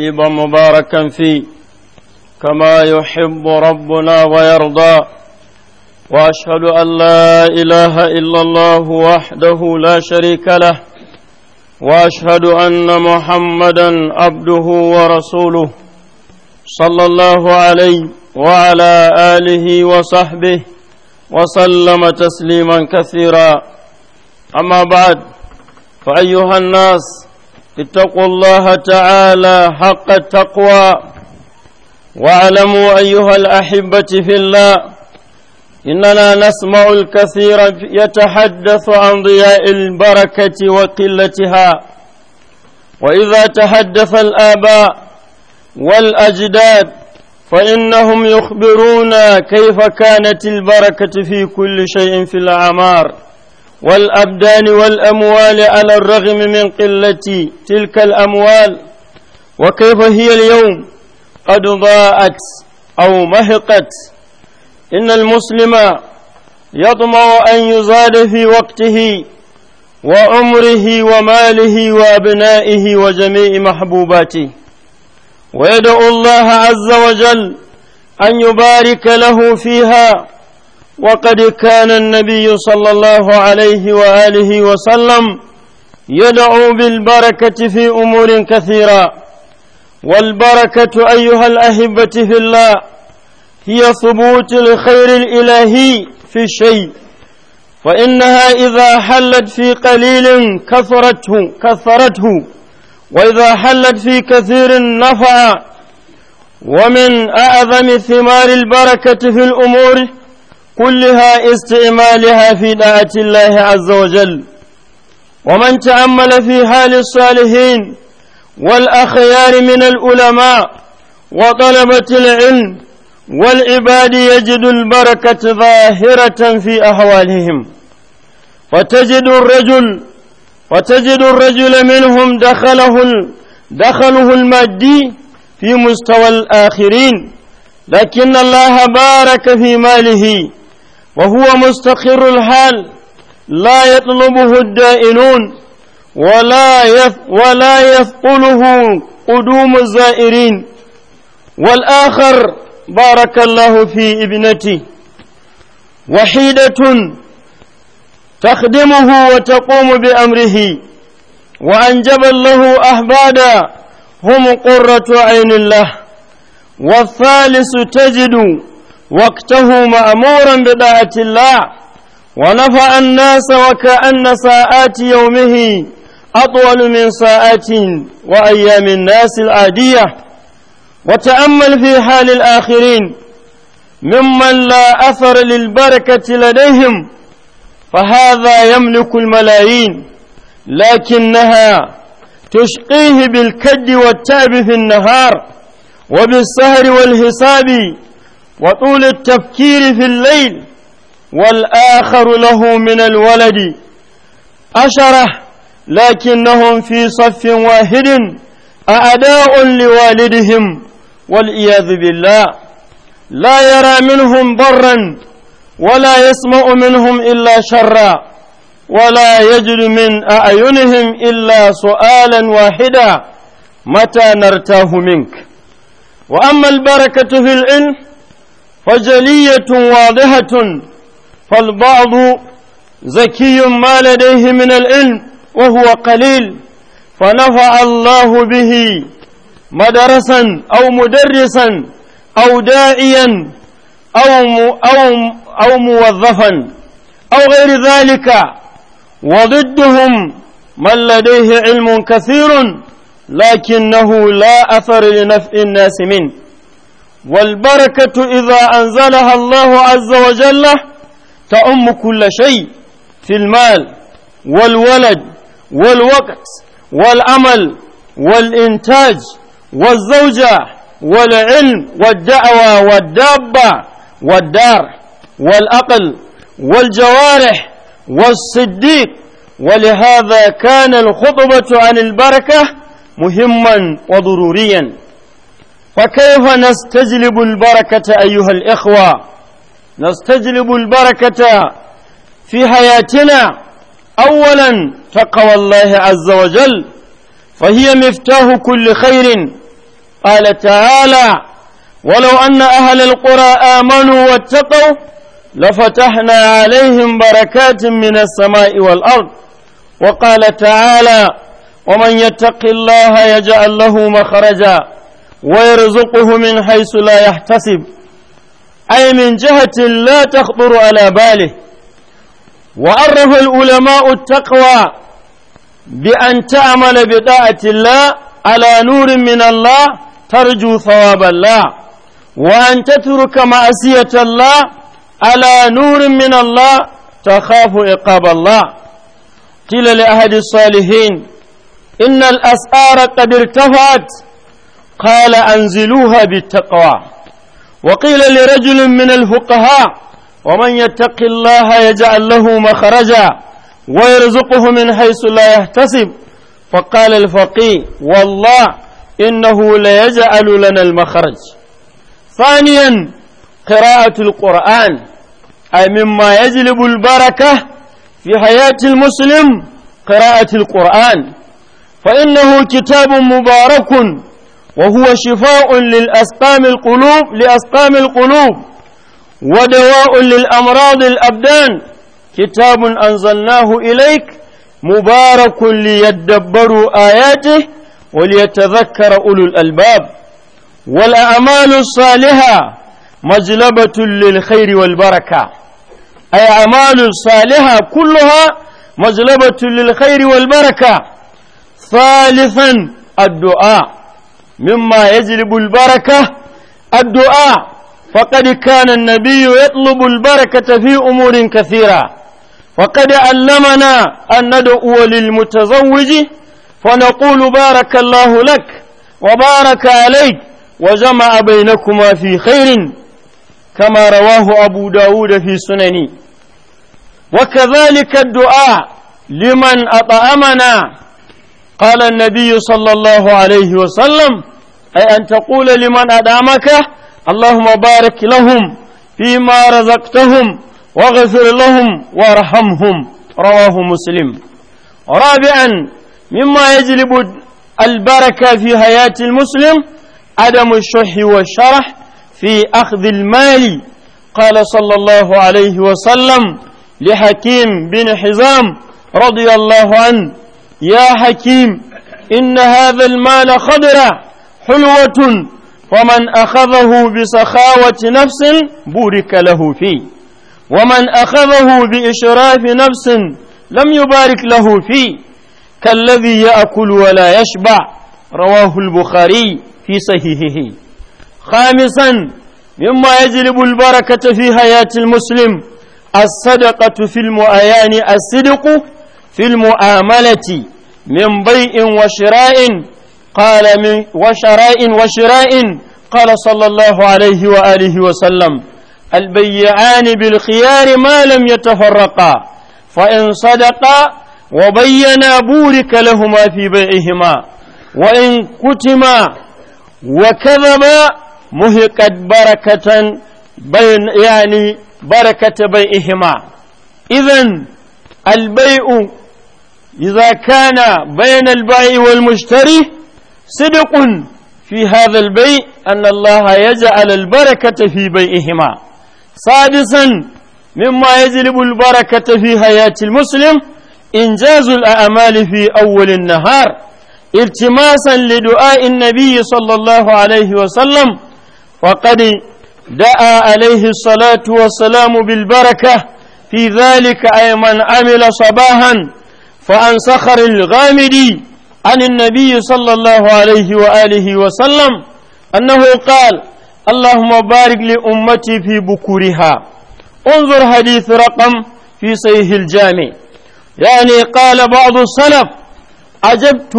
طيبا مباركا فيه كما يحب ربنا ويرضى واشهد ان لا اله الا الله وحده لا شريك له واشهد ان محمدا عبده ورسوله صلى الله عليه وعلى اله وصحبه وسلم تسليما كثيرا اما بعد فايها الناس اتقوا الله تعالى حق التقوى واعلموا أيها الأحبة في الله إننا نسمع الكثير يتحدث عن ضياء البركة وقلتها وإذا تحدث الآباء والأجداد فإنهم يخبرون كيف كانت البركة في كل شيء في الأعمار والأبدان والأموال على الرغم من قلة تلك الأموال وكيف هي اليوم قد ضاءت أو مهقت إن المسلم يطمع أن يزاد في وقته وعمره وماله وأبنائه وجميع محبوباته ويدعو الله عز وجل أن يبارك له فيها وقد كان النبي صلى الله عليه وآله وسلم يدعو بالبركة في أمور كثيرة والبركة أيها الأحبة في الله هي ثبوت الخير الإلهي في شيء فإنها إذا حلت في قليل كثرته كثرته وإذا حلت في كثير نفع ومن أعظم ثمار البركة في الأمور كلها استعمالها في دعاة الله عز وجل ومن تأمل في حال الصالحين والأخيار من العلماء وطلبة العلم والعباد يجد البركة ظاهرة في أحوالهم وتجد الرجل وتجد الرجل منهم دخله دخله المادي في مستوى الآخرين لكن الله بارك في ماله وهو مستقر الحال لا يطلبه الدائنون ولا يف ولا يثقله قدوم الزائرين والآخر بارك الله في ابنته وحيدة تخدمه وتقوم بأمره وأنجب له أحبادا هم قرة عين الله والثالث تجد وقته مأمورا بطاعة الله ونفع الناس وكأن ساعات يومه أطول من ساعات وأيام الناس العادية وتأمل في حال الآخرين ممن لا أثر للبركة لديهم فهذا يملك الملايين لكنها تشقيه بالكد والتعب في النهار وبالسهر والحساب وطول التفكير في الليل والآخر له من الولد أشرة لكنهم في صف واحد أعداء لوالدهم والعياذ بالله لا يرى منهم ضرا ولا يسمع منهم إلا شرا ولا يجد من أعينهم إلا سؤالا واحدا متى نرتاه منك وأما البركة في العلم فجلية واضحة فالبعض زكي ما لديه من العلم وهو قليل فنفع الله به مدرسا أو مدرسا أو داعيا أو أو أو موظفا أو غير ذلك وضدهم من لديه علم كثير لكنه لا أثر لنفع الناس منه والبركة إذا أنزلها الله عز وجل تأم كل شيء في المال والولد والوقت والأمل والإنتاج والزوجة والعلم والدعوة والدابة والدار والأقل والجوارح والصديق ولهذا كان الخطبة عن البركة مهما وضروريا فكيف نستجلب البركة أيها الإخوة نستجلب البركة في حياتنا أولا تقوى الله عز وجل فهي مفتاح كل خير قال تعالى ولو أن أهل القرى آمنوا واتقوا لفتحنا عليهم بركات من السماء والأرض وقال تعالى ومن يتق الله يجعل له مخرجا ويرزقه من حيث لا يحتسب أي من جهة لا تخطر على باله وعرف العلماء التقوى بأن تعمل بطاعة الله على نور من الله ترجو ثواب الله وأن تترك معصية الله على نور من الله تخاف عقاب الله قيل لأحد الصالحين إن الأسعار قد ارتفعت قال أنزلوها بالتقوى وقيل لرجل من الفقهاء ومن يتق الله يجعل له مخرجا ويرزقه من حيث لا يحتسب فقال الفقيه والله إنه ليجعل لنا المخرج ثانيا قراءة القرآن أي مما يجلب البركة في حياة المسلم قراءة القرآن فإنه كتاب مبارك وهو شفاء للأسقام القلوب لأسقام القلوب ودواء للأمراض الأبدان كتاب أنزلناه إليك مبارك ليدبروا آياته وليتذكر أولو الألباب والأعمال الصالحة مجلبة للخير والبركة أي أعمال الصالحة كلها مجلبة للخير والبركة ثالثا الدعاء مما يجلب البركة الدعاء فقد كان النبي يطلب البركة في أمور كثيرة وقد علمنا أن ندعو للمتزوج فنقول بارك الله لك وبارك عليك وجمع بينكما في خير كما رواه أبو داود في سنني وكذلك الدعاء لمن أطعمنا قال النبي صلى الله عليه وسلم أي أن تقول لمن أدامك اللهم بارك لهم فيما رزقتهم واغفر لهم وارحمهم رواه مسلم رابعا مما يجلب البركة في حياة المسلم عدم الشح والشرح في أخذ المال قال صلى الله عليه وسلم لحكيم بن حزام رضي الله عنه يا حكيم إن هذا المال خضرة حلوة ومن أخذه بسخاوة نفس بورك له فيه ومن أخذه بإشراف نفس لم يبارك له فيه كالذي يأكل ولا يشبع رواه البخاري في صحيحه خامسا مما يجلب البركة في حياة المسلم الصدقة في المؤيان الصدق في المؤاملة من بيع وشراء قال من وشراء وشراء قال صلى الله عليه وآله وسلم البيعان بالخيار ما لم يتفرقا فإن صدقا وبينا بورك لهما في بيعهما وإن كتما وكذبا مهقت بركة بين يعني بركة بيعهما إذا البيع إذا كان بين البائع والمشتري صدق في هذا البيع أن الله يجعل البركة في بيعهما سادسا مما يجلب البركة في حياة المسلم إنجاز الأعمال في أول النهار التماسا لدعاء النبي صلى الله عليه وسلم وقد دعا عليه الصلاة والسلام بالبركة في ذلك أي من عمل صباحا وعن صخر الغامدي عن النبي صلى الله عليه وآله وسلم أنه قال اللهم بارك لأمتي في بكورها انظر حديث رقم في صحيح الجامع يعني قال بعض السلف عجبت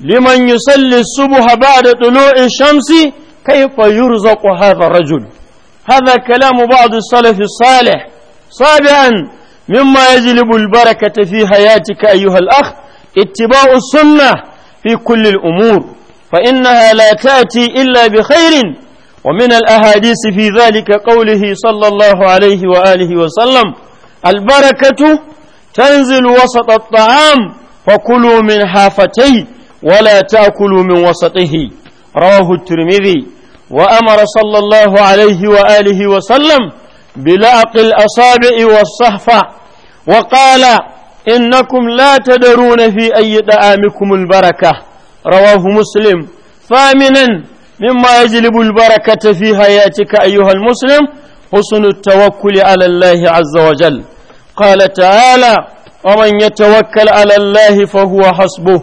لمن يصلي الصبح بعد طلوع الشمس كيف يرزق هذا الرجل هذا كلام بعض السلف الصالح صابئا مما يجلب البركة في حياتك أيها الأخ اتباع السنة في كل الأمور فإنها لا تأتي إلا بخير ومن الأحاديث في ذلك قوله صلى الله عليه وآله وسلم البركة تنزل وسط الطعام فكلوا من حافتيه ولا تأكلوا من وسطه رواه الترمذي وأمر صلى الله عليه وآله وسلم بلعق الأصابع والصحفة وقال إنكم لا تدرون في أي طعامكم البركة رواه مسلم ثامنا مما يجلب البركة في حياتك أيها المسلم حسن التوكل على الله عز وجل قال تعالى ومن يتوكل على الله فهو حسبه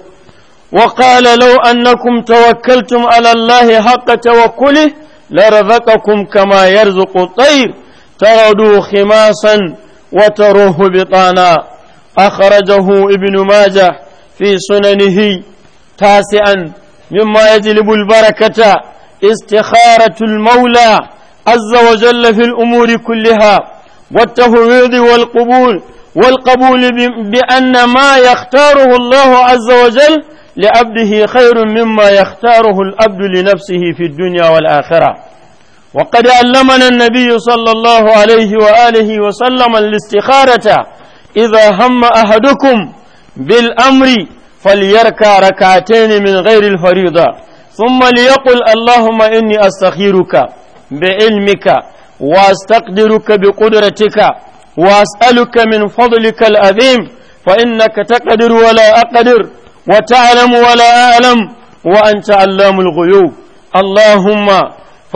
وقال لو أنكم توكلتم على الله حق توكله لرزقكم كما يرزق الطير تغدو خماصا وتروه بطانا أخرجه ابن ماجه في سننه تاسعا مما يجلب البركة استخارة المولى عز وجل في الأمور كلها والتفويض والقبول والقبول بأن ما يختاره الله عز وجل لعبده خير مما يختاره العبد لنفسه في الدنيا والآخرة وقد علمنا النبي صلى الله عليه وآله وسلم الاستخارة إذا هم أحدكم بالأمر فليركع ركعتين من غير الفريضة ثم ليقل اللهم إني أستخيرك بعلمك وأستقدرك بقدرتك وأسألك من فضلك العظيم فإنك تقدر ولا أقدر وتعلم ولا أعلم وأنت علام الغيوب اللهم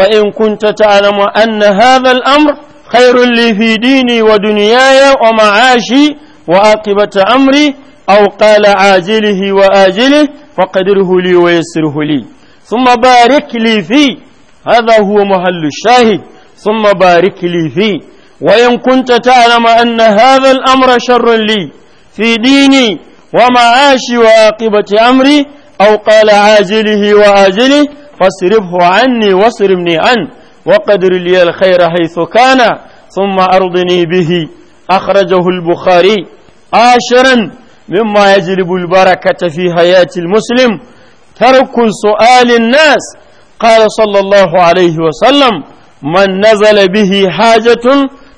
فإن كنت تعلم أن هذا الأمر خير لي في ديني ودنياي ومعاشي وعاقبة أمري أو قال عاجله وآجله فقدره لي ويسره لي ثم بارك لي فيه هذا هو محل الشاهد ثم بارك لي فيه وإن كنت تعلم أن هذا الأمر شر لي في ديني ومعاشي وعاقبة أمري أو قال عاجله وآجله فاصرفه عني واصرفني عنه وقدر لي الخير حيث كان ثم أرضني به أخرجه البخاري عاشرا مما يجلب البركة في حياة المسلم ترك سؤال الناس قال صلى الله عليه وسلم من نزل به حاجة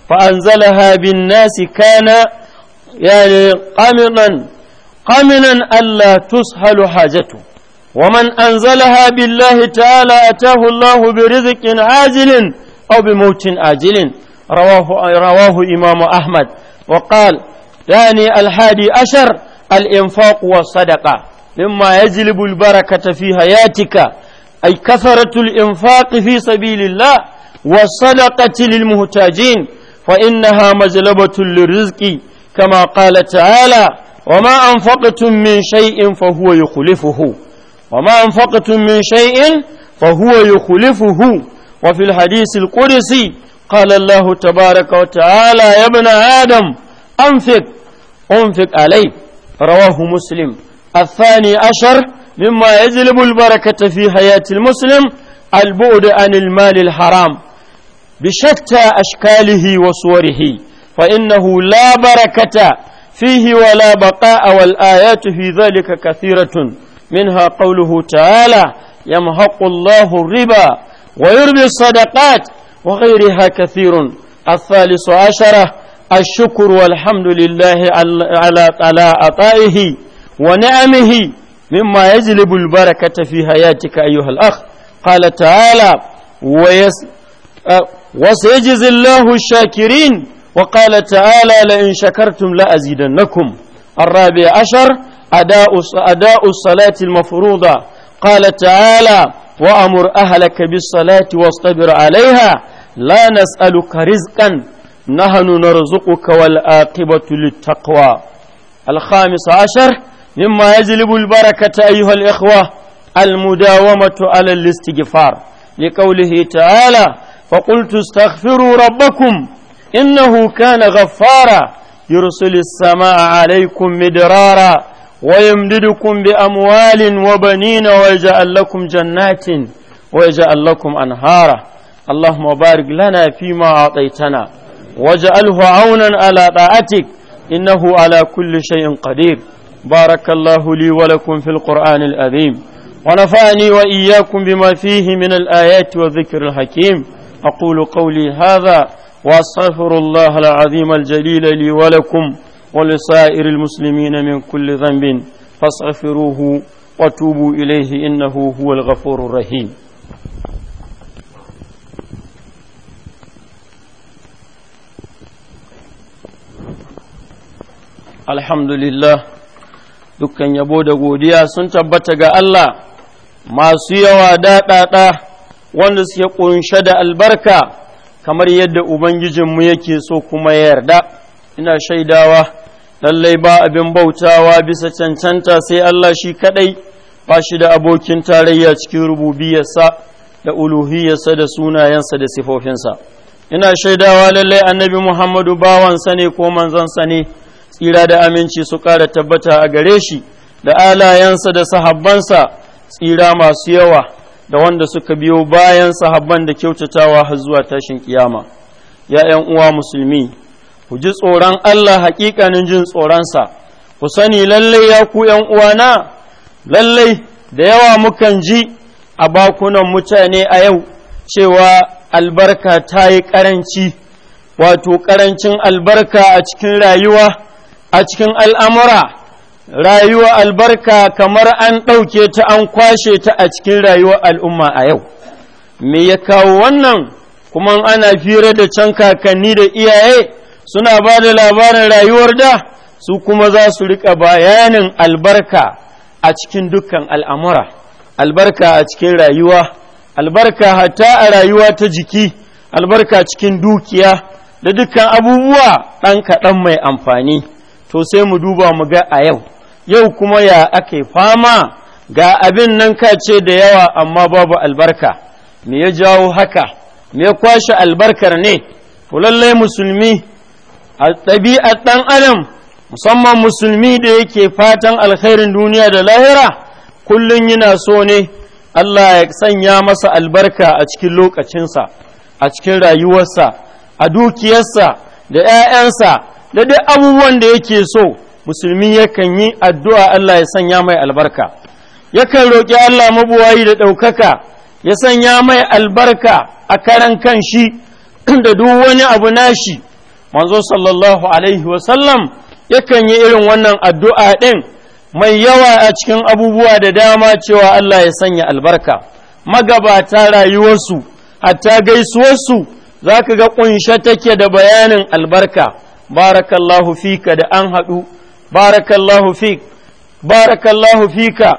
فأنزلها بالناس كان يعني قمنا قمنا ألا تسهل حاجته ومن أنزلها بالله تعالى أتاه الله برزق عاجل أو بموت عاجل رواه, رواه إمام أحمد وقال ثاني الحادي عشر الإنفاق والصدقة مما يجلب البركة في حياتك أي كثرة الإنفاق في سبيل الله والصدقة للمحتاجين فإنها مجلبة للرزق كما قال تعالى وما أنفقتم من شيء فهو يخلفه وما أنفقتم من شيء فهو يخلفه وفي الحديث القدسي قال الله تبارك وتعالى يا ابن آدم أنفق أنفق عليه رواه مسلم الثاني عشر مما يجلب البركة في حياة المسلم البعد عن المال الحرام بشتى أشكاله وصوره فإنه لا بركة فيه ولا بقاء والآيات في ذلك كثيرة منها قوله تعالى يمحق الله الربا ويربي الصدقات وغيرها كثير الثالث عشرة الشكر والحمد لله على عطائه ونعمه مما يجلب البركة في حياتك أيها الأخ قال تعالى ويس أه، وسيجزي الله الشاكرين وقال تعالى لئن شكرتم لأزيدنكم الرابع عشر أداء أداء الصلاة المفروضة قال تعالى وأمر أهلك بالصلاة واصطبر عليها لا نسألك رزقا نحن نرزقك والآقبة للتقوى الخامس عشر مما يجلب البركة أيها الإخوة المداومة على الاستغفار لقوله تعالى فقلت استغفروا ربكم إنه كان غفارا يرسل السماء عليكم مدرارا ويمددكم بأموال وبنين ويجعل لكم جنات ويجعل لكم أنهارا اللهم بارك لنا فيما أعطيتنا واجعله عونا على طاعتك إنه على كل شيء قدير بارك الله لي ولكم في القرآن العظيم ونفعني وإياكم بما فيه من الآيات والذكر الحكيم أقول قولي هذا وأستغفر الله العظيم الجليل لي ولكم ولسائر المسلمين من كل ذنب فاستغفروه وتوبوا إليه إنه هو الغفور الرحيم لله dukkan yabo da godiya sun tabbata ga Allah masu yawa daɗaɗa wanda suke ƙunshe da albarka kamar yadda Ubangijinmu yake so kuma ya yarda ina shaidawa lallai ba abin bautawa bisa cancanta sai Allah shi kadai ba shi da abokin tarayya cikin rububiyarsa da uluhiyarsa da sunayensa da sifofinsa ina shaidawa lallai annabi Muhammadu bawansa ne ko manzansa ne tsira da aminci su ƙara tabbata a gare shi da alayensa da sahabbansa tsira masu yawa da wanda suka biyo bayan sahabban da kyautatawa har zuwa tashin kiyama ya uwa musulmi ku ji tsoron Allah haƙiƙanin jin tsoronsa ku sani lallai ya ku ’yan uwana lallai da yawa mukan ji a bakunan mutane a yau cewa albarka ta yi ƙaranci wato ƙarancin albarka a cikin rayuwa a cikin al'amura rayuwa albarka kamar an ɗauke ta an kwashe ta a cikin rayuwa al'umma a yau me ya kawo wannan kuma ana fira da can kakanni da iyaye suna ba da labarin rayuwar da su kuma za su riƙa bayanin albarka a cikin dukkan al'amura albarka a cikin rayuwa albarka hatta a rayuwa ta jiki albarka cikin dukiya da dukkan abubuwa ɗan kaɗan mai amfani to sai mu duba mu ga a yau yau kuma ya ake fama ga abin nan ka ce da yawa amma babu albarka me ya jawo haka me ya kwashe albarkar ne lallai musulmi a ɗabi'ar ɗan adam musamman musulmi da yake fatan alkhairin duniya da lahira kullum yana so ne Allah ya sanya masa albarka a cikin lokacinsa a cikin rayuwarsa a dukiyarsa da 'ya'yansa da duk abubuwan da yake so musulmi yakan yi addu'a Allah ya sanya mai albarka yakan roƙi Allah mabuwayi da ɗaukaka ya sanya mai albarka a karan kan shi da duk wani abu nashi manzo sallallahu alaihi wasallam yakan yi irin wannan addu'a ɗin mai yawa a cikin abubuwa da dama cewa Allah ya sanya albarka magabata rayuwarsu hatta gaisuwarsu za ka ga ƙunshe take da bayanin albarka barakallahu fika da an haɗu barakallahu fik barakallahu fika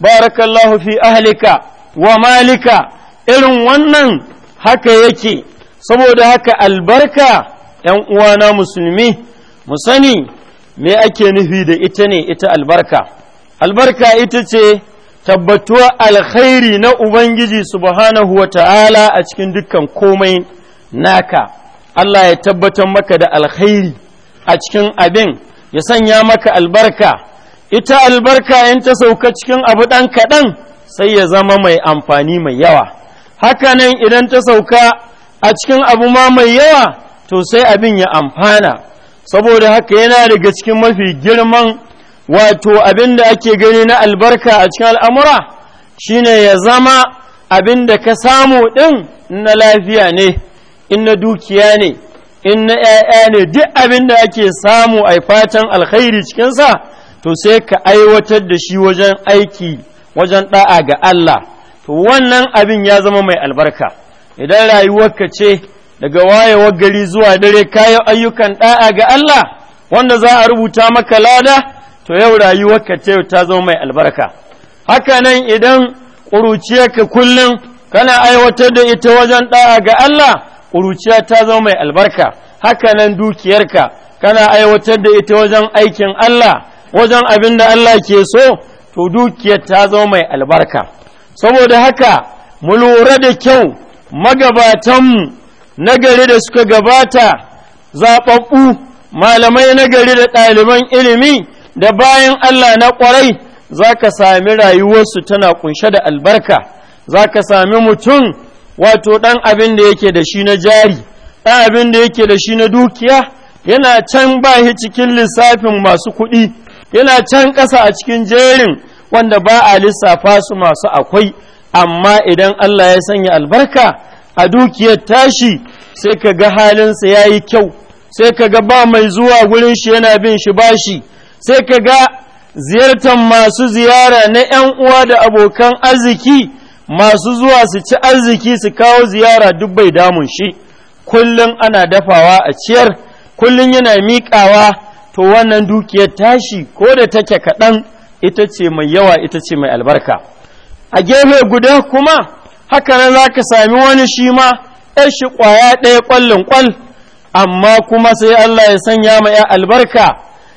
barakallahu fi ahlika wa malika irin wannan haka yake saboda haka albarka ‘yan uwana musulmi, mu sani me ake nufi da ita ne ita albarka. Albarka ita ce tabbatuwa alkhairi na Ubangiji subhanahu wa ta'ala a cikin dukkan komai naka. Allah ya tabbatar maka da alkhairi a cikin abin, ya sanya maka albarka. Ita albarka in ta sauka cikin abu ɗan kaɗan sai ya zama mai amfani mai yawa. nan idan ta sauka a cikin abu ma mai yawa to sai abin ya amfana saboda haka yana daga cikin mafi girman wato abin da ake gani na albarka a cikin al'amura shine ya zama abin da ka samu ɗin na lafiya ne in na dukiya ne in na ‘ya'ya ne duk abin da ake samu a fatan alkhairi cikinsa to sai ka aiwatar da shi wajen aiki wajen ɗa'a ga Allah to wannan abin ya zama mai albarka idan rayuwarka ce daga wayewar gari zuwa dare kayan ayyukan ɗa'a ga Allah wanda za a rubuta maka lada to yau rayuwarka ta yau ta zo mai albarka haka nan idan ƙuruciyarka kullum kana aiwatar da ita wajen ɗa'a ga Allah ƙuruciya ta zo mai albarka haka nan dukiyarka kana aiwatar da ita wajen aikin Allah wajen abin da Allah ke so to dukiyar ta zo mai albarka saboda haka mu lura da kyau magabatanmu nagari da suka gabata zaɓaɓɓu malamai nagari da ɗaliban ilimi da bayan Allah na ƙwarai za ka sami rayuwarsu tana ƙunshe da albarka za ka sami mutum wato ɗan abin da yake da shi na jari ɗan abin da yake da shi na dukiya yana can bahi cikin lissafin masu kuɗi yana can ƙasa a cikin jerin wanda ba a lissafa su masu akwai amma idan Allah ya sanya albarka a dukiyar tashi sai ka ga halinsa ya yi kyau sai ka ga ba mai zuwa gurin shi yana bin shi bashi sai ka ga ziyartar masu ziyara na 'yan uwa da abokan arziki masu zuwa su ci arziki su kawo ziyara duk bai damun shi kullum ana dafawa a ciyar kullum yana miƙawa to wannan dukiyar tashi ko da take kaɗan ita ce mai yawa ita ce mai albarka a gefe guda kuma haka nan za ka sami wani shi ma shi ƙwaya ɗaya ƙwallon ƙwal amma kuma sai Allah ya sanya ma ya albarka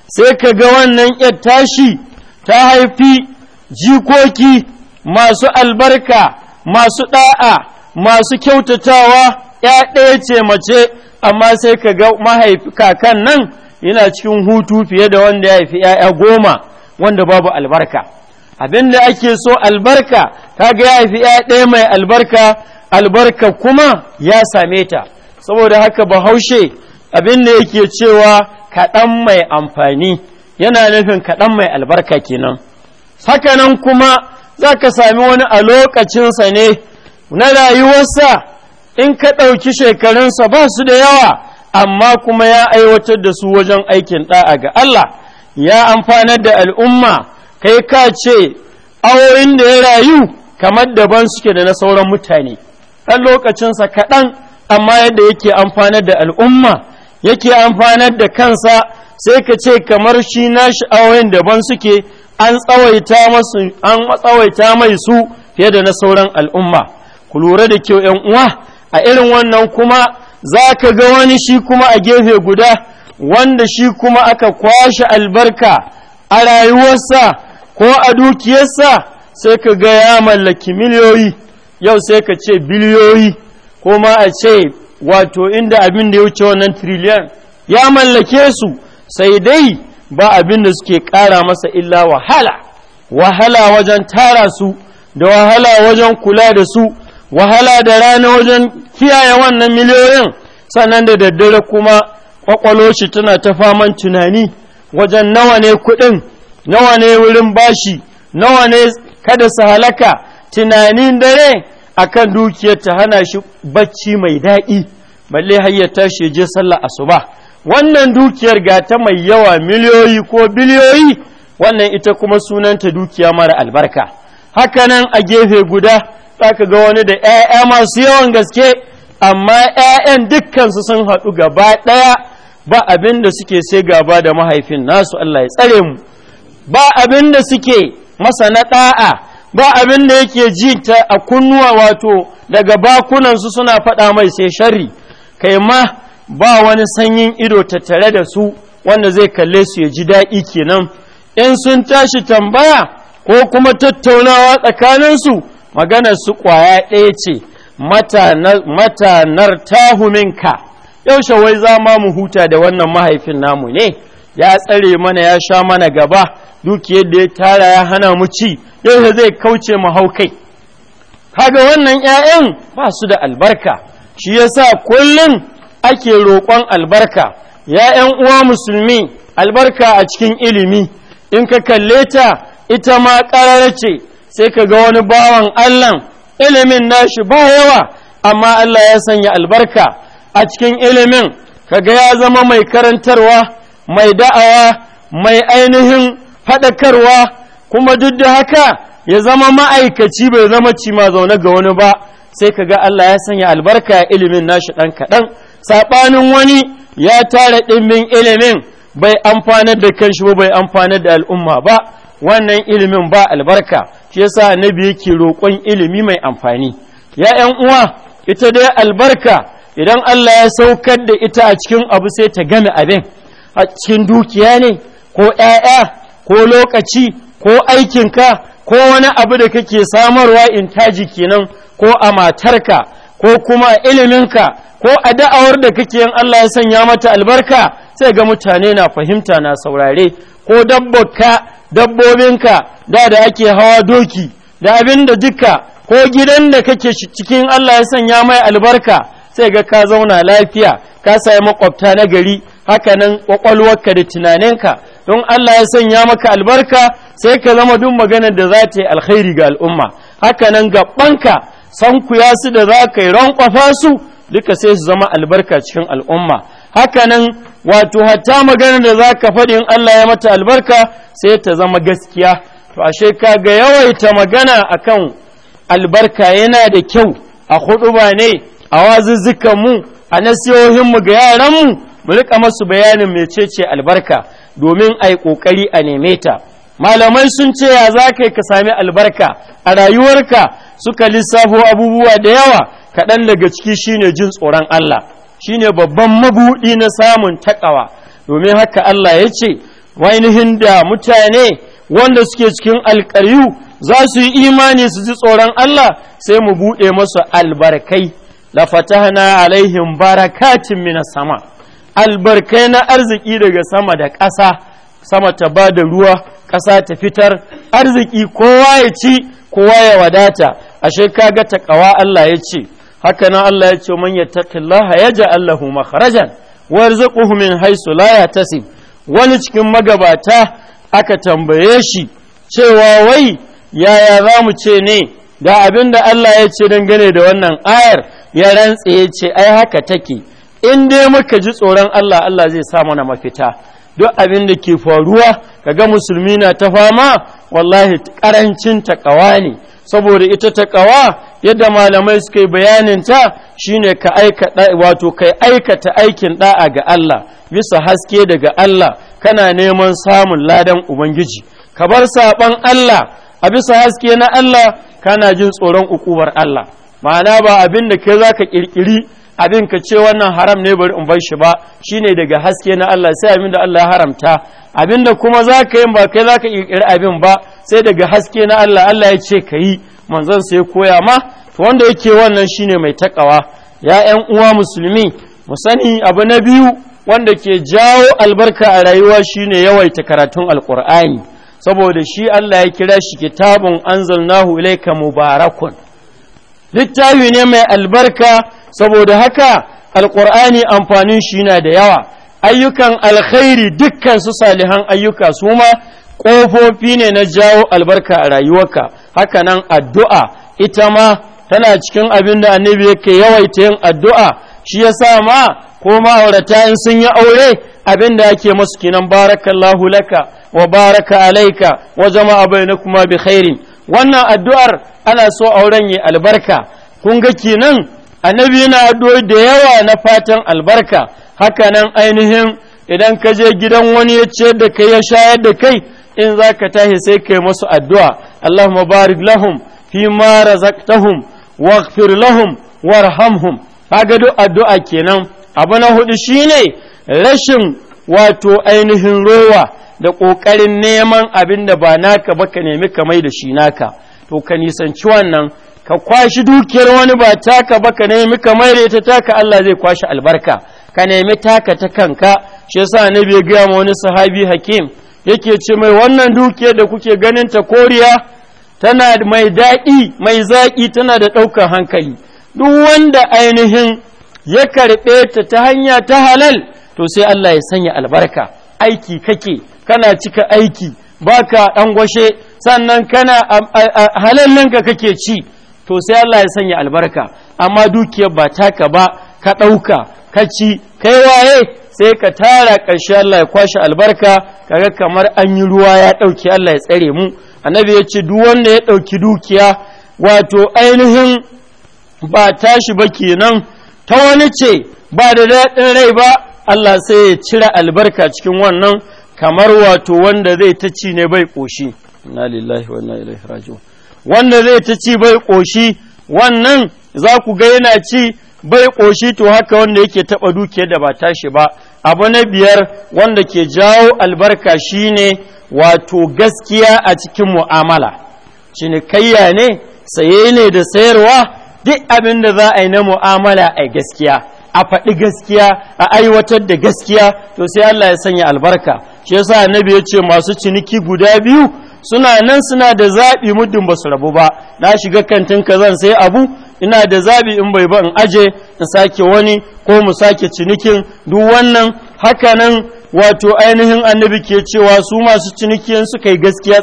sai ka ga wannan ‘yar tashi ta haifi jikoki masu albarka masu ɗa'a masu kyautatawa ‘ya ɗaya ce mace amma sai ka ga mahaifi kakan nan yana cikin hutu fiye da wanda ya haifi ‘ya'ya goma wanda babu albarka. abin da ake so albarka ta kaga ya haifi ya ɗaya mai albarka albarka kuma ya same ta saboda haka bahaushe abin da yake cewa kaɗan mai amfani yana nufin kaɗan mai albarka kenan hakanan kuma za ka sami wani a lokacinsa ne na rayuwarsa in ka ɗauki shekarunsa ba su da yawa amma kuma ya aiwatar da su wajen aikin ɗa'a ga Allah ya amfanar da al'umma kai ka ce awoyin da ya rayu kamar daban suke da na sauran mutane ɗan lokacinsa kaɗan amma yadda yake amfanar da al'umma yake amfanar da kansa sai ka ce kamar shi nashi awoyin daban suke an tsawaita an tsawaita mai su fiye da na sauran al'umma ku lura da kyau ‘yan uwa a irin wannan kuma za ka ga wani shi kuma a gefe guda wanda shi kuma aka kwashe albarka a rayuwarsa ko a dukiyarsa sai ka ga ya mallaki miliyoyi yau sai ka ce biliyoyi ko ma a ce wato inda abin da ya wuce wannan triliyan ya mallake su sai dai ba abin da suke ƙara masa illa wahala wahala wajen tara su da wahala wajen kula da su wahala da rana wajen kiyaye wannan miliyoyin sannan da daddare kuma kwakwalo shi tana ta faman tunani wajen nawa ne kuɗin nawa ne wurin bashi nawa ne kada su halaka tunanin dare A kan dukiyar ta hana shi bacci mai daɗi balle hayya ya tashi je sallah asuba wannan dukiyar ga ta mai yawa miliyoyi ko biliyoyi wannan ita kuma sunanta dukiya mara albarka hakanan a gefe guda zaka ga wani da 'ya'ya masu yawan gaske amma 'ya'yan dukkansu sun haɗu gaba ɗaya ba abin da suke sai gaba da mahaifin nasu Allah ya tsare mu ba abin da suke masa na ɗa'a ba abin da yake ji ta a kunnuwa wato daga bakunansu suna faɗa mai sai shari. kai ma ba wani sanyin ido tattare da su wanda zai kalle su ya ji daɗi kenan in sun tashi tambaya ko kuma tattaunawa tsakaninsu maganar su ƙwaya ɗaya ce matanar tahu minka yaushe wai za ma mu huta da wannan mahaifin namu ne ya tsare mana ya sha mana gaba dukiyar da ya tara ya hana mu ci yau zai kauce mu hau kai kaga wannan 'ya'yan ba su da albarka shi yasa kullum ake roƙon albarka ya uwa musulmi albarka a cikin ilimi in ka kalle ta ita ma ƙarar ce sai ka ga wani bawan allah ilimin nashi ba yawa amma allah ya sanya albarka a cikin ilimin kaga ya zama mai karantarwa mai da'awa mai ainihin faɗakarwa kuma duk da haka ya zama ma'aikaci bai zama cima zaune ga wani ba sai ka ga Allah ya sanya albarka ya ilimin nashi ɗan kaɗan saɓanin wani ya tara ɗimbin ilimin bai amfanar da kanshi ba bai amfana da al'umma ba wannan ilimin ba albarka shi yasa annabi yake roƙon ilimi mai amfani ya yan uwa ita dai albarka idan Allah ya saukar da ita a cikin abu sai ta gane abin a cikin dukiya ne ko ‘ya'ya ko lokaci ko aikinka ko wani abu da kake samarwa in taji kenan ko a matarka ko kuma a iliminka ko a da'awar da kake yin Allah ya sanya mata albarka sai ga mutane na fahimta na saurare ko dabbaka dabbobinka da da ake hawa doki da abin da duka ko gidan da kake cikin Allah ya sanya mai albarka sai ga ka zauna lafiya ka sayi makwabta na gari hakanan kwakwalwarka da tunaninka don Allah ya sanya maka albarka sai ka zama duk maganar da za ta yi alkhairi ga al'umma hakanan gabanka ya su da za ka yi rankwafa su duka sai su zama albarka cikin al'umma hakanan wato hatta maganar da za ka faɗi in Allah ya mata albarka sai ta zama gaskiya to ashe ka ga yawaita magana akan albarka yana da kyau a huɗuba ne a wazuzzukan mu a nasihohinmu mu ga yaran mu mu rika masu bayanin mecece albarka domin a yi ƙoƙari a neme ta malamai sun ce ya za ka ka sami albarka a rayuwarka suka lissafo abubuwa da yawa kaɗan daga ciki shine jin tsoron Allah shine babban mabuɗi na samun takawa domin haka Allah ya ce wainihin da mutane wanda suke cikin alƙaryu za su yi imani su ji tsoron Allah sai mu buɗe masu albarkai la fatahna alaihim barakatin minas sama' albarkai na arziki daga sama da ƙasa sama ta ba da ruwa ƙasa ta fitar arziki kowa ya ci kowa ya wadata ashe kaga takawa Allah ya ce haka nan Allah ya ce man yattaqillaha yaj'al lahu makhrajan warzuquhu min haythu la yahtasib wani cikin magabata aka tambaye shi cewa wai yaya za mu ce ne da abin da Allah ya ce dangane da wannan ayar ya rantse ya ce ai haka take in dai muka ji tsoron Allah Allah zai sa mana mafita duk abin da ke faruwa kaga musulmi na ta fama wallahi karancin takawa ne saboda ita takawa yadda malamai suka yi bayanin ta shine ka aikata wato kai aikata aikin da'a ga Allah bisa haske daga Allah kana neman samun ladan ubangiji ka bar saban Allah a bisa haske na Allah kana jin tsoron ukuwar Allah ma'ana ba abin da za zaka kirkiri abin ka ce wannan haram ne bari in bar shi ba shine daga haske na Allah sai abin da Allah ya haramta abin da kuma za ka yi ba kai za ka ƙirƙiri abin ba sai daga haske na Allah Allah ya ce ka yi manzon sai ya koya ma to wanda yake wannan shine mai takawa ya ƴan uwa musulmi mu sani abu na biyu wanda ke jawo albarka a rayuwa shine yawaita karatun alqur'ani saboda shi Allah ya kira shi kitabun anzalnahu ilayka mubarakun littafi ne mai albarka saboda haka alƙur'ani amfanin shi na da yawa ayyukan alkhairi dukkan su salihan ayyuka su ma ƙofofi ne na jawo albarka a rayuwarka haka nan addu'a ita ma tana cikin abin da annabi yake yawaita yin addu'a shi yasa ma ko ma'aurata in sun yi aure abin da ake musu kinan barakallahu laka wa baraka alaika wa jama'a bainakuma bi khairin wannan addu'ar ana so auren ya albarka kun ga kenan annabi na addu'o'i da yawa na fatan albarka haka nan ainihin idan ka je gidan wani ya ce da kai ya shayar da kai in za ka tahi sai kai masu addu'a Allahumma barik lahum fi ma razaqtahum waghfir lahum warhamhum kaga duk addu'a kenan abu na hudu shine rashin wato ainihin rowa da ƙoƙarin neman abin da ba naka ba ka nemi ka mai da shi naka to ka nisanci wannan ka kwashi dukiyar wani ba taka ba ka nemi ka mai da ita taka Allah zai kwashi albarka ka nemi taka ta kanka shi yasa annabi ya gaya ma wani sahabi hakim yake ce mai wannan dukiyar da kuke ganin ta koriya tana mai daɗi mai zaƙi tana da ɗaukar hankali duk wanda ainihin ya karɓe ta ta hanya ta halal to sai Allah ya sanya albarka aiki kake kana cika aiki baka dangwashe sannan kana halallan ka kake ci to sai Allah ya sanya albarka amma dukiyar ba taka ba ka ɗauka ka ci kai waye sai ka tara ƙarshe Allah ya kwashe albarka kaga kamar an yi ruwa ya ɗauki Allah ya tsare mu annabi ya ce duk wanda ya ɗauki dukiya wato ainihin ba tashi ba kenan ta wani ce ba da daɗin rai ba Allah sai ya cire albarka cikin wannan kamar wato wanda zai ta ci ne bai ƙoshi na lillahi wa na ilaihi wanda zai ta ci bai ƙoshi wannan za ku ga yana ci bai ƙoshi to haka wanda yake taɓa dukiyar da ba tashi ba abu na biyar wanda ke jawo albarka shine wato gaskiya a cikin mu'amala cinikayya ne saye ne da sayarwa duk abin da za a yi na mu'amala a gaskiya a faɗi gaskiya a aiwatar da gaskiya to sai Allah ya sanya albarka shi yasa annabi ya ce masu ciniki guda biyu suna nan suna da zaɓi muddin basu rabu ba na shiga kantin ka zan sai abu ina da zaɓi in bai ba in aje in sake wani ko mu sake cinikin duk wannan haka nan wato ainihin annabi ke cewa su masu cinikin suka yi gaskiya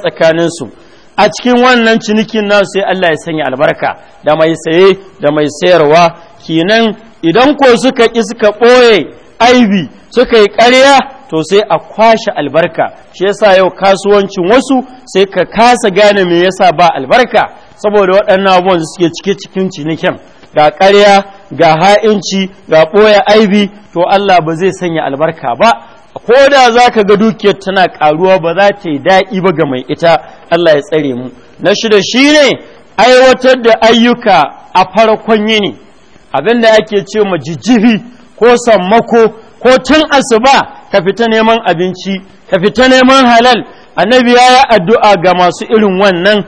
su a cikin wannan cinikin na sai Allah ya sanya albarka da mai saye da mai sayarwa kenan idan ko suka ƙi suka ɓoye aibi suka yi ƙarya to sai a kwashe albarka shi yasa yau kasuwancin wasu sai ka kasa gane me yasa ba albarka saboda waɗannan abubuwan suke cike cikin cinikin ga ƙarya ga ha'inci ga ɓoye aibi to Allah ba zai sanya albarka ba ko da za ka ga dukiyar tana ƙaruwa ba za ta yi daɗi ba ga mai ita Allah ya tsare mu na shida shi ne aiwatar da ayyuka a farkon yini abin da ake ce ma jijjihi ko sammako ko tun asuba ka fita neman abinci ka fita neman halal annabi ya yi addu'a ga masu irin wannan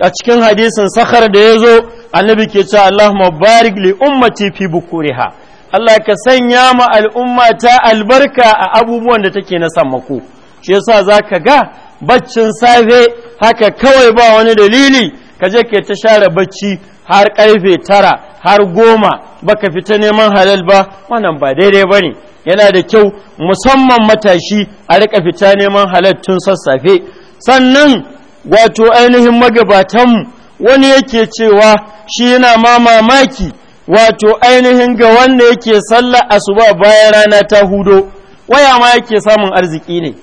a cikin hadisin sakar da ya zo annabi ke ci, Allahumma barik li ummati fi bukuriha Allah ka sanya ma al'umma ta albarka a abubuwan da take na sammako shi yasa ka ga baccin safe haka kawai ba wani dalili ka je ka ta share bacci har karfe tara har goma baka fita neman halal ba wannan ba daidai ba ne yana da kyau musamman matashi a rika fita neman halal tun sassafe sannan wato ainihin magabatanmu wani yake cewa shi yana ma mamaki wato ainihin ga wanda yake sallah asuba bayan rana ta hudo waya ma yake samun arziki ne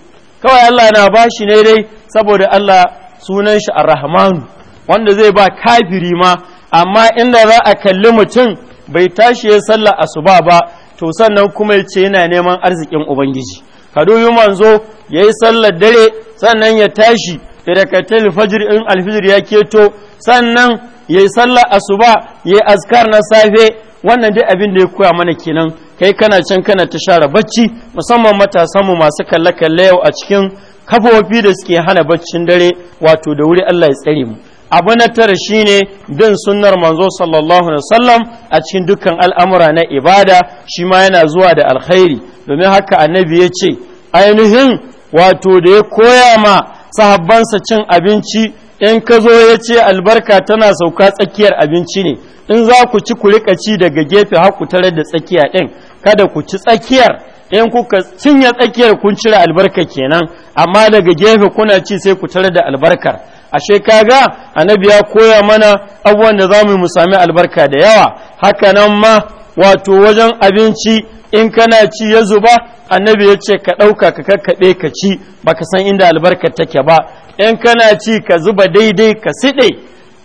kawai Allah na bashi ne dai saboda Allah sunan shi ar-Rahmanu wanda zai ba kafiri ma amma inda za a kalli mutum bai tashi ya sallah asuba ba to sannan kuma ya ce yana neman arzikin ubangiji ka yi manzo ya yi sallar dare sannan ya tashi daga talifajir in alfijir ya keto sannan ya yi sallar asuba ya yi askar na safe wannan dai abin da ya koya mana kenan kai kana can kana ta share bacci musamman matasan mu masu kalle-kalle yau a cikin kafofi da suke hana baccin dare wato da wuri Allah ya tsare mu abu na tara shi ne bin sunnar manzo sallallahu alaihi wasallam a cikin dukkan al'amura na ibada shi ma yana zuwa da alkhairi domin haka annabi ya ce ainihin wato da ya koya ma sahabbansa cin abinci in ka zo ya ce albarka tana sauka tsakiyar abinci ne in za ku ci ku rika ci daga gefe har tare da tsakiya ɗin kada ku ci tsakiyar in kuka cinye tsakiyar kun cire albarka kenan amma daga gefe kuna ci sai ku tare da albarkar ashe kaga annabi ya koya mana abubuwan da zamu mu sami albarka da yawa haka nan ma wato wajen abinci in kana ci ya zuba annabi ya ce ka ɗauka ka kakkaɓe ka ci baka san inda albarkar take ba in kana ci ka zuba daidai ka siɗe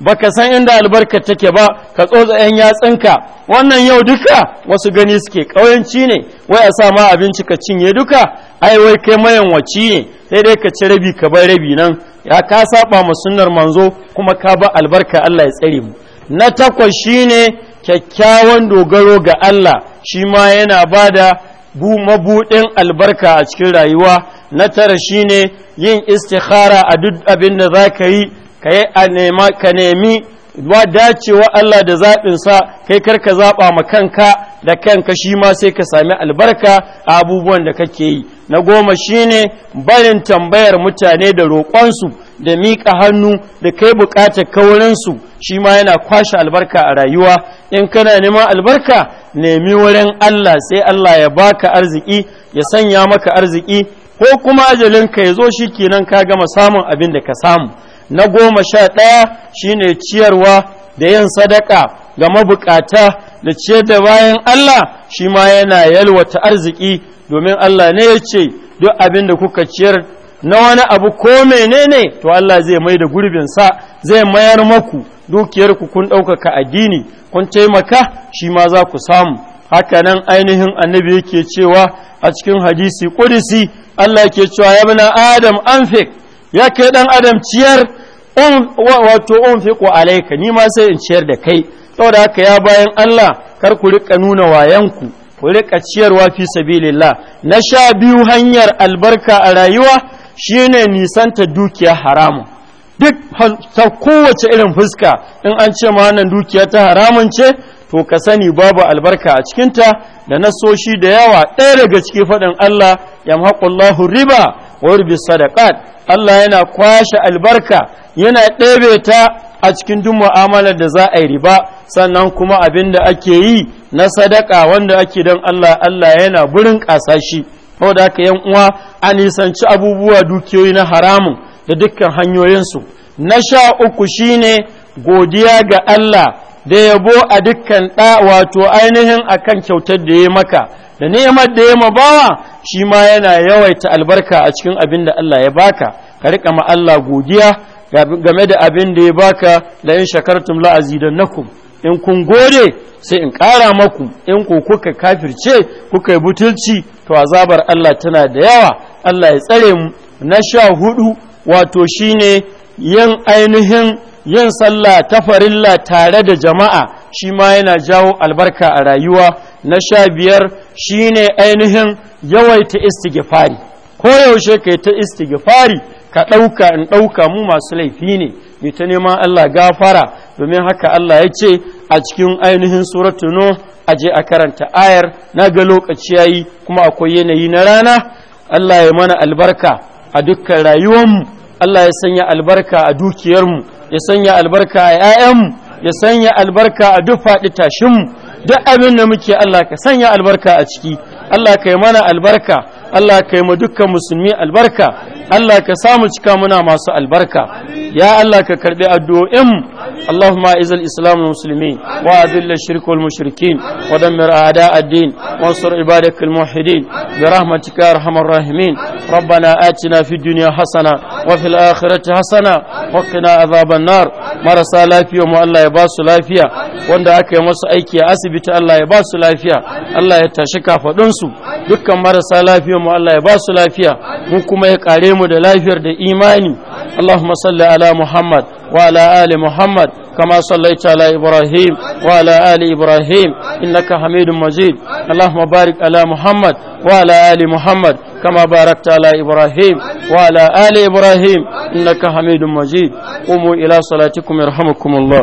baka san inda albarkar take ba ka tsotsa 'yan yatsunka wannan yau duka wasu gani suke ƙauyanci ne wai a sa ma abinci ka cinye duka ai wai kai mayan waci ne sai dai ka ci rabi ka bar rabi nan ya ka saba mu sunnar manzo kuma ka ba albarka Allah ya tsare mu na takwas shine kyakkyawan dogaro ga Allah shi ma yana bada bu mabuɗin albarka a cikin rayuwa na tara shine yin istikhara a duk abin da za ka yi ka nemi ba dacewa Allah da zaɓinsa kai karka zaɓa ma kanka da kanka shi ma sai ka sami albarka a abubuwan da kake yi na goma shine barin tambayar mutane da roƙonsu da miƙa hannu da kai buƙatar kaurinsu shi ma yana kwashe albarka a rayuwa in kana neman albarka nemi wurin Allah sai Allah ya baka arziki ya sanya maka arziki ko kuma ajalinka ya zo shi kenan ka gama samun abin da ka samu na goma sha ɗaya shi ne ciyarwa da yin sadaka ga mabukata da ciyar da bayan Allah shi ma yana yalwata arziki domin Allah ne ya ce duk abin da kuka ciyar na wani abu ko menene to Allah zai mai da gurbinsa zai mayar maku dukiyarku kun ɗaukaka addini kun taimaka shi ma za ku samu Haka nan ainihin annabi yake cewa a cikin hadisi ƙudisi Allah ke cewa ya bana adam anfik ya kai dan adam ciyar wato ku alaika, ni ma sai in ciyar da kai saboda haka ya bayan Allah kar ku rika nuna wayanku ku rika ciyarwa fi sabilillah na sha biyu hanyar albarka a rayuwa shine nisanta dukiya haramun duk ta kowace irin fuska in an ce ma wannan dukiya ta haramun ce to ka sani babu albarka a cikinta da nasoshi da yawa ɗaya daga ciki faɗin Allah ya riba warbi sadaqat Allah yana kwashe albarka yana ɗebe ta a cikin duk mu'amalar da za a yi riba sannan kuma abin da ake yi na sadaka wanda ake don Allah Allah yana burin ƙasa shi saboda haka yan uwa an nisanci abubuwa dukiyoyi na haramun da dukkan hanyoyinsu na sha uku shine godiya ga Allah da yabo a dukkan ɗa wato ainihin akan kyautar da ya maka da neman da ya mabawa shi ma yana yawaita albarka a cikin abin da Allah ya baka ka riƙa ma Allah godiya game da abin da ya baka la in shakartum la azidannakum in kun gode sai in ƙara maku in ko kuka kafirce kuka yi butulci to azabar Allah tana da yawa Allah ya tsare mu na sha hudu wato shine yin ainihin yin sallah ta farilla tare da jama'a shi ma yana jawo albarka a rayuwa na sha biyar shi ne ainihin yawaita istighfari ko yaushe kai ta istighfari ka ɗauka in ɗauka mu masu laifi ne mai ta neman Allah gafara domin haka Allah ya ce a cikin ainihin suratu no a je a karanta ayar na ga lokaci ya yi kuma akwai yanayi na rana Allah ya mana albarka a dukkan rayuwarmu Allah ya sanya albarka a dukiyarmu ya sanya albarka a 'ya'yanmu ya sanya albarka a duk faɗi tashinmu duk abin da muke Allah ka sanya albarka a ciki Allah ka yi mana albarka Allah ka yi ma dukkan musulmi albarka Allah ka samu cika muna masu albarka ya Allah ka karbi addu'o'in Allahumma izal islam musulmi wa azil shirk wal mushrikin wa dammir ibada ad-din wansur ibadak al muwahhidin bi rahmatika arhamar rahimin ربنا آتنا في الدنيا حسنة وفي الآخرة حسنة وقنا عذاب marasa lafiya mu Allah ya ba su lafiya wanda aka yi masu aiki a asibiti Allah ya ba su lafiya Allah ya tashi kafadunsu dukkan marasa lafiya mu Allah ya basu lafiya mu kuma ya kare mu da lafiyar da imani اللهم صل على محمد وعلى آل محمد كما صليت على إبراهيم وعلى آل إبراهيم إنك حميد مجيد اللهم بارك على محمد وعلى آل محمد كما باركت على إبراهيم وعلى آل إبراهيم إنك حميد مجيد قوموا إلى صلاتكم يرحمكم الله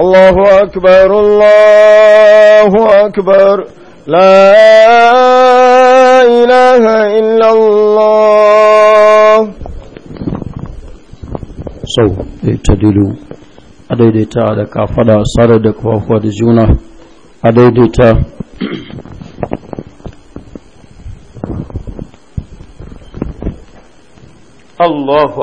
الله أكبر الله أكبر لا إله إلا الله daidaita da kafada tsara da kwafuwa juna a daidaita Allahu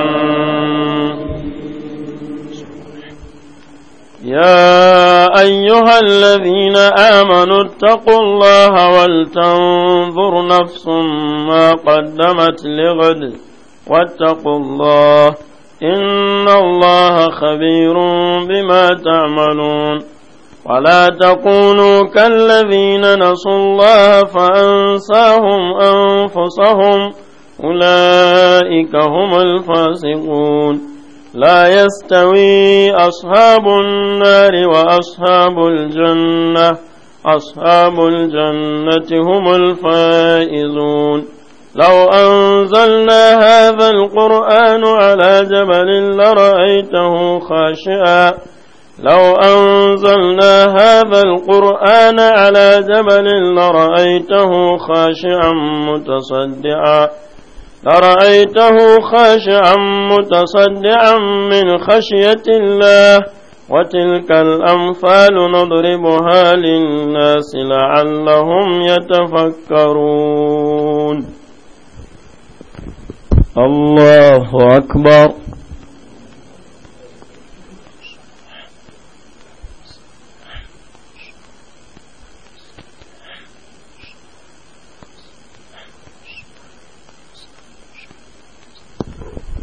يا أيها الذين آمنوا اتقوا الله ولتنظر نفس ما قدمت لغد واتقوا الله إن الله خبير بما تعملون ولا تكونوا كالذين نسوا الله فأنساهم أنفسهم أولئك هم الفاسقون لا يستوي أصحاب النار وأصحاب الجنة أصحاب الجنة هم الفائزون لو أنزلنا هذا القرآن على جبل لرأيته خاشعا لو أنزلنا هذا القرآن على جبل لرأيته خاشعا متصدعا لرأيته خاشعا متصدعا من خشية الله وتلك الأمثال نضربها للناس لعلهم يتفكرون الله أكبر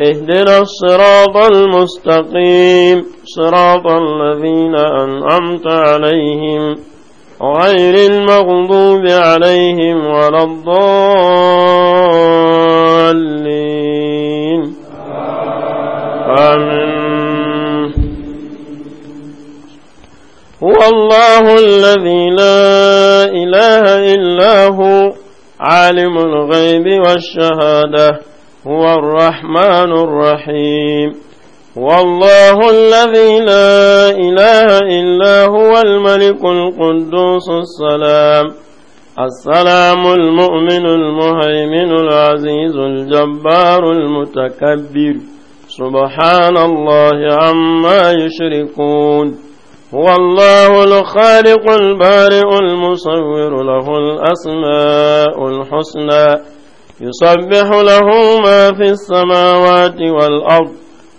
اهدنا الصراط المستقيم صراط الذين أنعمت عليهم غير المغضوب عليهم ولا الضالين آمين هو الله الذي لا إله إلا هو عالم الغيب والشهادة هو الرحمن الرحيم والله الذي لا إله إلا هو الملك القدوس السلام السلام المؤمن المهيمن العزيز الجبار المتكبر سبحان الله عما يشركون هو الله الخالق البارئ المصور له الأسماء الحسنى يسبح له ما في السماوات والأرض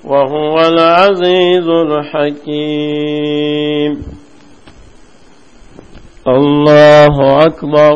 وهو العزيز الحكيم الله أكبر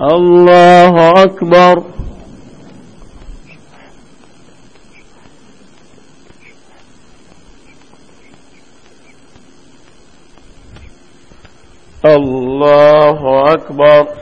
الله أكبر الله أكبر